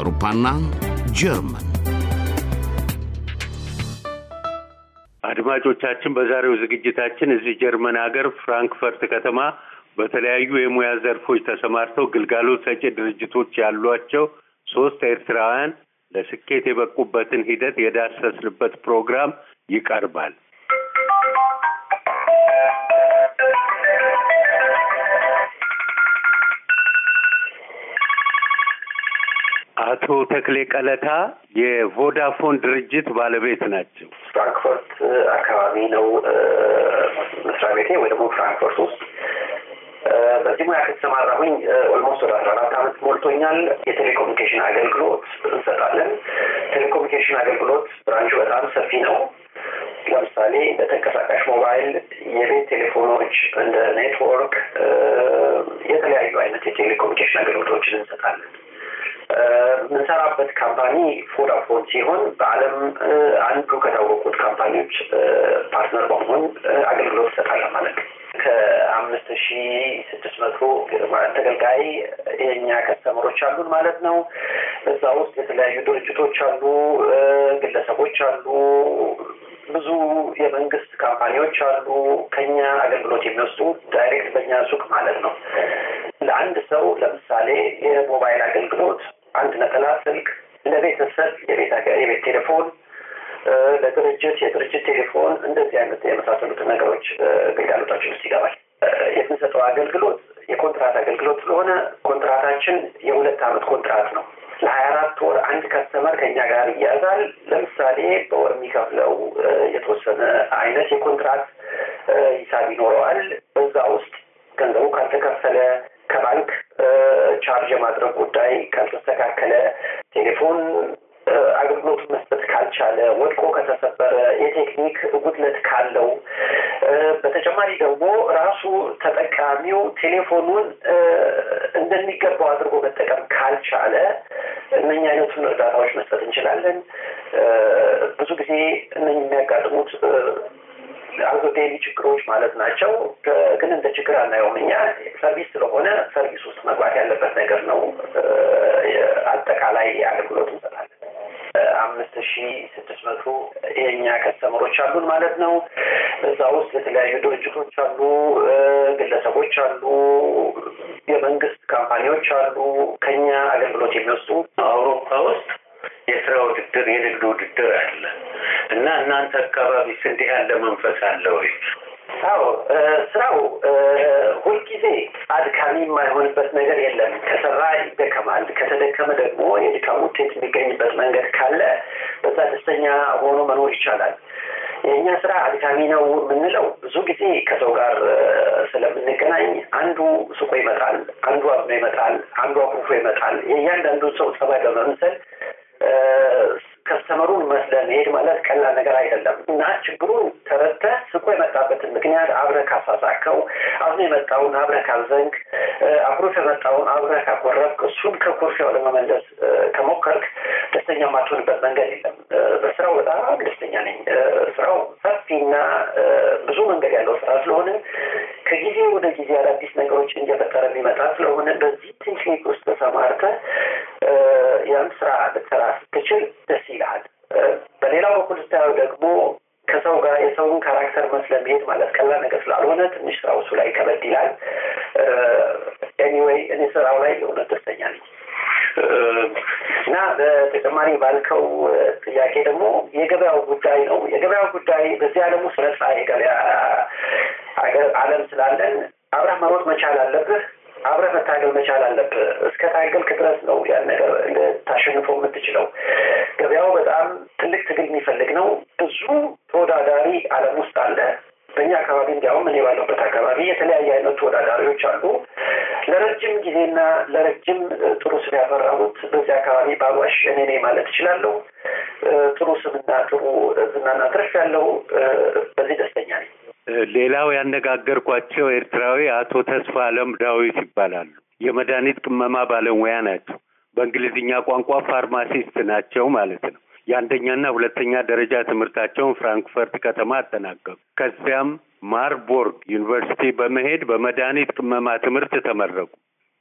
አውሮፓና ጀርመን አድማጮቻችን በዛሬው ዝግጅታችን እዚህ ጀርመን ሀገር ፍራንክፈርት ከተማ በተለያዩ የሙያ ዘርፎች ተሰማርተው ግልጋሎት ሰጪ ድርጅቶች ያሏቸው ሶስት ኤርትራውያን ለስኬት የበቁበትን ሂደት የዳሰስንበት ፕሮግራም ይቀርባል። አቶ ተክሌ ቀለታ የቮዳፎን ድርጅት ባለቤት ናቸው። ፍራንክፈርት አካባቢ ነው መስሪያ ቤቴ ወይ ደግሞ ፍራንክፈርት ውስጥ በዚህ ሙያ ከተሰማራሁኝ ኦልሞስት ወደ አስራ አራት አመት ሞልቶኛል። የቴሌኮሙኒኬሽን አገልግሎት እንሰጣለን። ቴሌኮሙኒኬሽን አገልግሎት ብራንቹ በጣም ሰፊ ነው። ለምሳሌ በተንቀሳቃሽ ሞባይል፣ የቤት ቴሌፎኖች፣ እንደ ኔትወርክ የተለያዩ አይነት የቴሌኮሙኒኬሽን አገልግሎቶችን እንሰጣለን። የምንሰራበት ካምፓኒ ፎዳፎን ሲሆን በዓለም አንዱ ከታወቁት ካምፓኒዎች ፓርትነር በመሆን አገልግሎት ይሰጣል ማለት ነው። ከአምስት ሺ ስድስት መቶ ተገልጋይ የኛ ከስተመሮች አሉን ማለት ነው። እዛ ውስጥ የተለያዩ ድርጅቶች አሉ፣ ግለሰቦች አሉ፣ ብዙ የመንግስት ካምፓኒዎች አሉ ከኛ አገልግሎት የሚወስዱ ዳይሬክት በእኛ ሱቅ ማለት ነው። ለአንድ ሰው ለምሳሌ የሞባይል አገልግሎት አንድ ነጠላ ስልክ፣ ለቤት የቤት የቤት ቴሌፎን ለድርጅት የድርጅት ቴሌፎን እንደዚህ አይነት የመሳሰሉት ነገሮች ግልጋሎታችን ውስጥ ይገባል። የምንሰጠው አገልግሎት የኮንትራት አገልግሎት ስለሆነ ኮንትራታችን የሁለት አመት ኮንትራት ነው። ለሀያ አራት ወር አንድ ከስተመር ከኛ ጋር ይያዛል። ለምሳሌ በወር የሚከፍለው የተወሰነ አይነት የኮንትራት ሂሳብ ይኖረዋል። በዛ ውስጥ ገንዘቡ ካልተከፈለ ከባንክ ቻርጅ የማድረግ ጉዳይ ካልተስተካከለ፣ ቴሌፎን አገልግሎት መስጠት ካልቻለ፣ ወድቆ ከተሰበረ፣ የቴክኒክ ጉድለት ካለው በተጨማሪ ደግሞ ራሱ ተጠቃሚው ቴሌፎኑን እንደሚገባው አድርጎ መጠቀም ካልቻለ እነኛ አይነቱን እርዳታዎች መስጠት እንችላለን። ብዙ ጊዜ እነ የሚያጋጥሙት አንገብጋቢ ችግሮች ማለት ናቸው። ግን እንደ ችግር አናየውም እኛ ሰርቪስ ስለሆነ ሰርቪስ ውስጥ መግባት ያለበት ነገር ነው። አጠቃላይ አገልግሎት እንሰጣለን። አምስት ሺ ስድስት መቶ የእኛ ከስተመሮች አሉን ማለት ነው። እዛ ውስጥ የተለያዩ ድርጅቶች አሉ፣ ግለሰቦች አሉ፣ የመንግስት ካምፓኒዎች አሉ። ከኛ አገልግሎት የሚወስዱ አውሮፓ ውስጥ የስራ ውድድር፣ የንግድ ውድድር አለ እና እናንተ አካባቢ እንዲህ ያለ መንፈስ አለ ወይ? አዎ ስራው ሁልጊዜ አድካሚ የማይሆንበት ነገር የለም። ከሰራ ይደከማል። ከተደከመ ደግሞ የድካም ውጤት የሚገኝበት መንገድ ካለ በዛ ደስተኛ ሆኖ መኖር ይቻላል። የእኛ ስራ አድካሚ ነው የምንለው ብዙ ጊዜ ከሰው ጋር ስለምንገናኝ አንዱ ሱቆ ይመጣል፣ አንዱ አብኖ ይመጣል፣ አንዱ አኩፎ ይመጣል። የእያንዳንዱ ሰው ጸባይ በመምሰል ከስተመሩን መስለን መሄድ ማለት ቀላል ነገር አይደለም እና ችግሩን ተረተ ስቆ የመጣበትን ምክንያት አብረ ካሳሳከው አዝኖ የመጣውን አብረ ካልዘንግ አብሮ የመጣውን አብረ ካኮረብክ እሱን ከኮርፊያው ለመመለስ ከሞከርክ ደስተኛ የማትሆንበት መንገድ የለም። በስራው በጣም ደስተኛ ነኝ። ስራው ሰፊና ብዙ መንገድ ያለው ስራ ስለሆነ ከጊዜ ወደ ጊዜ አዳዲስ ነገሮች እየፈጠረ የሚመጣ ስለሆነ በዚህ ቴክኒክ ውስጥ ተሰማርተ ያን ስራ ልትሰራ ስትችል ደስ ይልሃል። በሌላ በኩል ስታየው ደግሞ ከሰው ጋር የሰውን ካራክተር መስለ መሄድ ማለት ቀላል ነገር ስላልሆነ ትንሽ ስራው እሱ ላይ ከበድ ይላል። ኤኒዌይ እኔ ስራው ላይ የእውነት ደስተኛ ነኝ። እና በተጨማሪ ባልከው ጥያቄ ደግሞ የገበያው ጉዳይ ነው። የገበያው ጉዳይ በዚህ ዓለም ውስጥ ነጻ የገበያ ዓለም ስላለን አብረህ መሮጥ መቻል አለብህ። አብረህ መታገል መቻል አለብህ። እስከ ታገል ክድረስ ነው ያን ነገር ልታሸንፈው የምትችለው። ገበያው በጣም ትልቅ ትግል የሚፈልግ ነው። ብዙ ተወዳዳሪ ዓለም ውስጥ አለ። በእኛ አካባቢ እንዲያውም እኔ ባለበት አካባቢ የተለያየ አይነት ተወዳዳሪዎች አሉ። ለረጅም ጊዜና ለረጅም ጥሩ ስም ያፈራሩት በዚህ አካባቢ ባሏሽ እኔ ነኝ ማለት እችላለሁ። ጥሩ ስምና ጥሩ ዝናና ትርፍ ያለው በዚህ ደስተኛ ነኝ። ሌላው ያነጋገርኳቸው ኤርትራዊ አቶ ተስፋ አለም ዳዊት ይባላሉ። የመድኃኒት ቅመማ ባለሙያ ናቸው። በእንግሊዝኛ ቋንቋ ፋርማሲስት ናቸው ማለት ነው። የአንደኛና ሁለተኛ ደረጃ ትምህርታቸውን ፍራንክፈርት ከተማ አጠናቀቁ። ከዚያም ማርቦርግ ዩኒቨርሲቲ በመሄድ በመድኃኒት ቅመማ ትምህርት ተመረቁ።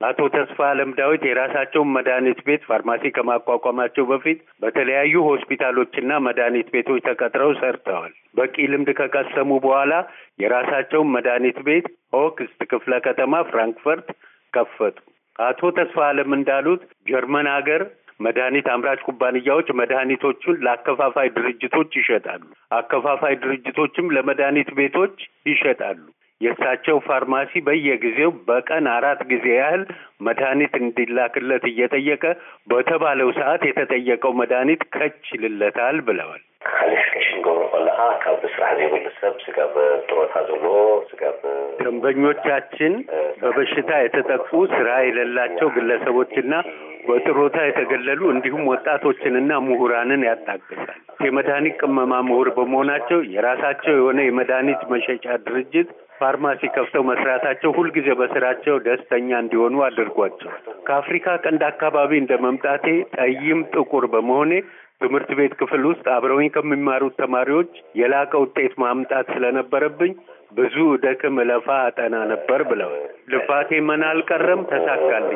አቶ ተስፋ አለም ዳዊት የራሳቸውን መድኃኒት ቤት ፋርማሲ ከማቋቋማቸው በፊት በተለያዩ ሆስፒታሎችና መድኃኒት ቤቶች ተቀጥረው ሰርተዋል። በቂ ልምድ ከቀሰሙ በኋላ የራሳቸውን መድኃኒት ቤት ሆክስት ክፍለ ከተማ ፍራንክፈርት ከፈቱ። አቶ ተስፋ አለም እንዳሉት ጀርመን ሀገር መድኃኒት አምራች ኩባንያዎች መድኃኒቶቹን ለአከፋፋይ ድርጅቶች ይሸጣሉ። አከፋፋይ ድርጅቶችም ለመድኃኒት ቤቶች ይሸጣሉ። የእሳቸው ፋርማሲ በየጊዜው በቀን አራት ጊዜ ያህል መድኃኒት እንዲላክለት እየጠየቀ በተባለው ሰዓት የተጠየቀው መድኃኒት ከች ይልለታል ብለዋል። ደንበኞቻችን በበሽታ የተጠቁ ስራ የሌላቸው ግለሰቦችና በጥሮታ የተገለሉ እንዲሁም ወጣቶችንና ምሁራንን ያጣቅሳል። የመድኃኒት ቅመማ ምሁር በመሆናቸው የራሳቸው የሆነ የመድኃኒት መሸጫ ድርጅት ፋርማሲ ከፍተው መስራታቸው ሁልጊዜ በስራቸው ደስተኛ እንዲሆኑ አድርጓቸው ከአፍሪካ ቀንድ አካባቢ እንደ መምጣቴ ጠይም ጥቁር በመሆኔ ትምህርት ቤት ክፍል ውስጥ አብረውኝ ከሚማሩት ተማሪዎች የላቀ ውጤት ማምጣት ስለነበረብኝ ብዙ ደክም ለፋ አጠና ነበር ብለዋል። ልፋቴ መና አልቀረም፣ ተሳካልኝ።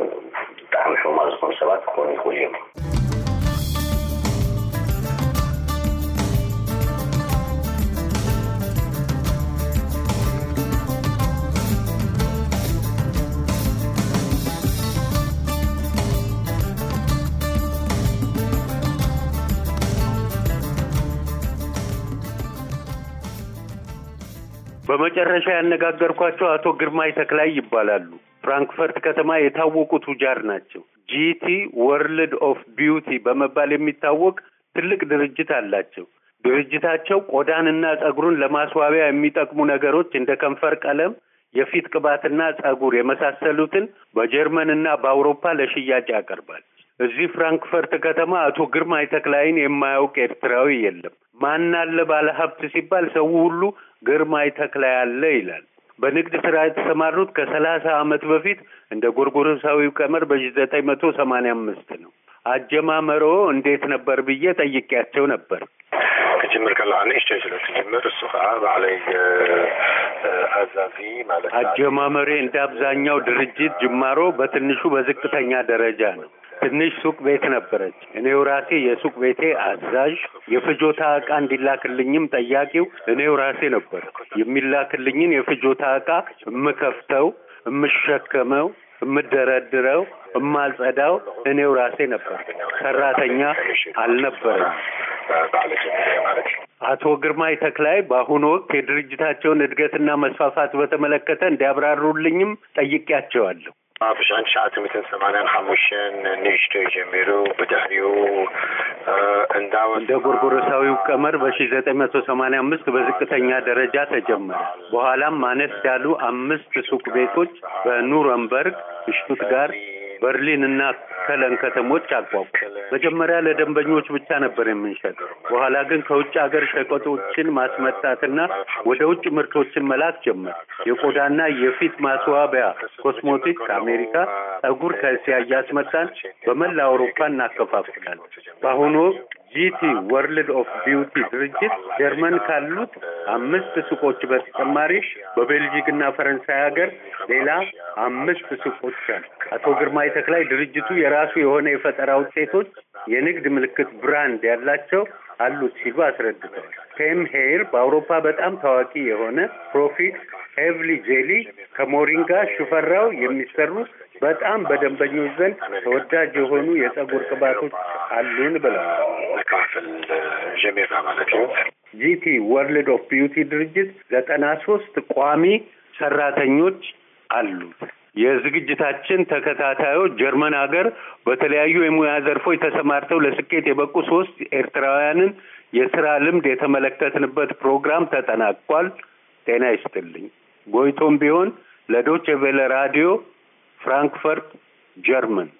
በመጨረሻ ያነጋገርኳቸው አቶ ግርማይ ተክላይ ይባላሉ። ፍራንክፈርት ከተማ የታወቁ ቱጃር ናቸው። ጂቲ ወርልድ ኦፍ ቢዩቲ በመባል የሚታወቅ ትልቅ ድርጅት አላቸው። ድርጅታቸው ቆዳንና ጸጉሩን ለማስዋቢያ የሚጠቅሙ ነገሮች እንደ ከንፈር ቀለም፣ የፊት ቅባትና ጸጉር የመሳሰሉትን በጀርመንና በአውሮፓ ለሽያጭ ያቀርባል። እዚህ ፍራንክፈርት ከተማ አቶ ግርማይ ተክላይን የማያውቅ ኤርትራዊ የለም። ማን አለ ባለ ሀብት ሲባል ሰው ሁሉ ግርማይ ተክለ አለ ይላል። በንግድ ስራ የተሰማሩት ከሰላሳ አመት በፊት እንደ ጎርጎሮሳዊው ቀመር በሺህ ዘጠኝ መቶ ሰማንያ አምስት ነው። አጀማመሮ እንዴት ነበር ብዬ ጠይቄያቸው ነበር። ክጅምር ከለዋ ንእሽተይ ስለ ትጅምር እሱ ከዓ ባዕለይ አዛዚ ማለት አጀማመሬ እንደ አብዛኛው ድርጅት ጅማሮ በትንሹ በዝቅተኛ ደረጃ ነው። ትንሽ ሱቅ ቤት ነበረች። እኔው ራሴ የሱቅ ቤቴ አዛዥ፣ የፍጆታ እቃ እንዲላክልኝም ጠያቂው እኔው ራሴ ነበር። የሚላክልኝን የፍጆታ እቃ የምከፍተው፣ የምሸከመው፣ የምደረድረው፣ የማልጸዳው እኔው ራሴ ነበር። ሰራተኛ አልነበረም። አቶ ግርማይ ተክላይ በአሁኑ ወቅት የድርጅታቸውን እድገትና መስፋፋት በተመለከተ እንዲያብራሩልኝም ጠይቄያቸዋለሁ። ኣብ ሽሕን ትሽዓተን ሰማንያን ሓሙሽተን ንእሽቶ ጀሚሩ ብድሕሪኡ እንደ ጎርጎሮሳዊው ቀመር በሺ ዘጠኝ መቶ በዝቅተኛ ደረጃ ተጀመረ። በኋላም ማነስ ያሉ አምስት ሱቅ ቤቶች በኑረምበርግ፣ ሽቱትጋርት በርሊን እና ከለን ከተሞች አቋቁ። መጀመሪያ ለደንበኞች ብቻ ነበር የምንሸጥ። በኋላ ግን ከውጭ ሀገር ሸቀጦችን ማስመጣትና ወደ ውጭ ምርቶችን መላክ ጀመር። የቆዳና የፊት ማስዋቢያ ኮስሞቲክ ከአሜሪካ፣ ጸጉር ከእስያ እያስመጣን በመላ አውሮፓ እናከፋፍላለን። በአሁኑ ወቅት ጂቲ ወርልድ ኦፍ ቢዩቲ ድርጅት ጀርመን ካሉት አምስት ሱቆች በተጨማሪ በቤልጂክ እና ፈረንሳይ ሀገር ሌላ አምስት ሱቆች አሉ። አቶ ግርማ ተክላይ ድርጅቱ የራሱ የሆነ የፈጠራ ውጤቶች የንግድ ምልክት ብራንድ ያላቸው አሉት ሲሉ አስረድተዋል። ቴም ሄር በአውሮፓ በጣም ታዋቂ የሆነ ፕሮፊት፣ ሄቭሊ ጄሊ ከሞሪንጋ ሽፈራው የሚሰሩ በጣም በደንበኞች ዘንድ ተወዳጅ የሆኑ የጸጉር ቅባቶች አሉን ብለዋል። ጂቲ ወርልድ ኦፍ ቢዩቲ ድርጅት ዘጠና ሶስት ቋሚ ሰራተኞች አሉት። የዝግጅታችን ተከታታዮች ጀርመን ሀገር በተለያዩ የሙያ ዘርፎች ተሰማርተው ለስኬት የበቁ ሶስት ኤርትራውያንን የስራ ልምድ የተመለከትንበት ፕሮግራም ተጠናቋል። ጤና ይስጥልኝ። ጎይቶም ቢሆን ለዶቼ ቬለ ራዲዮ ፍራንክፈርት ጀርመን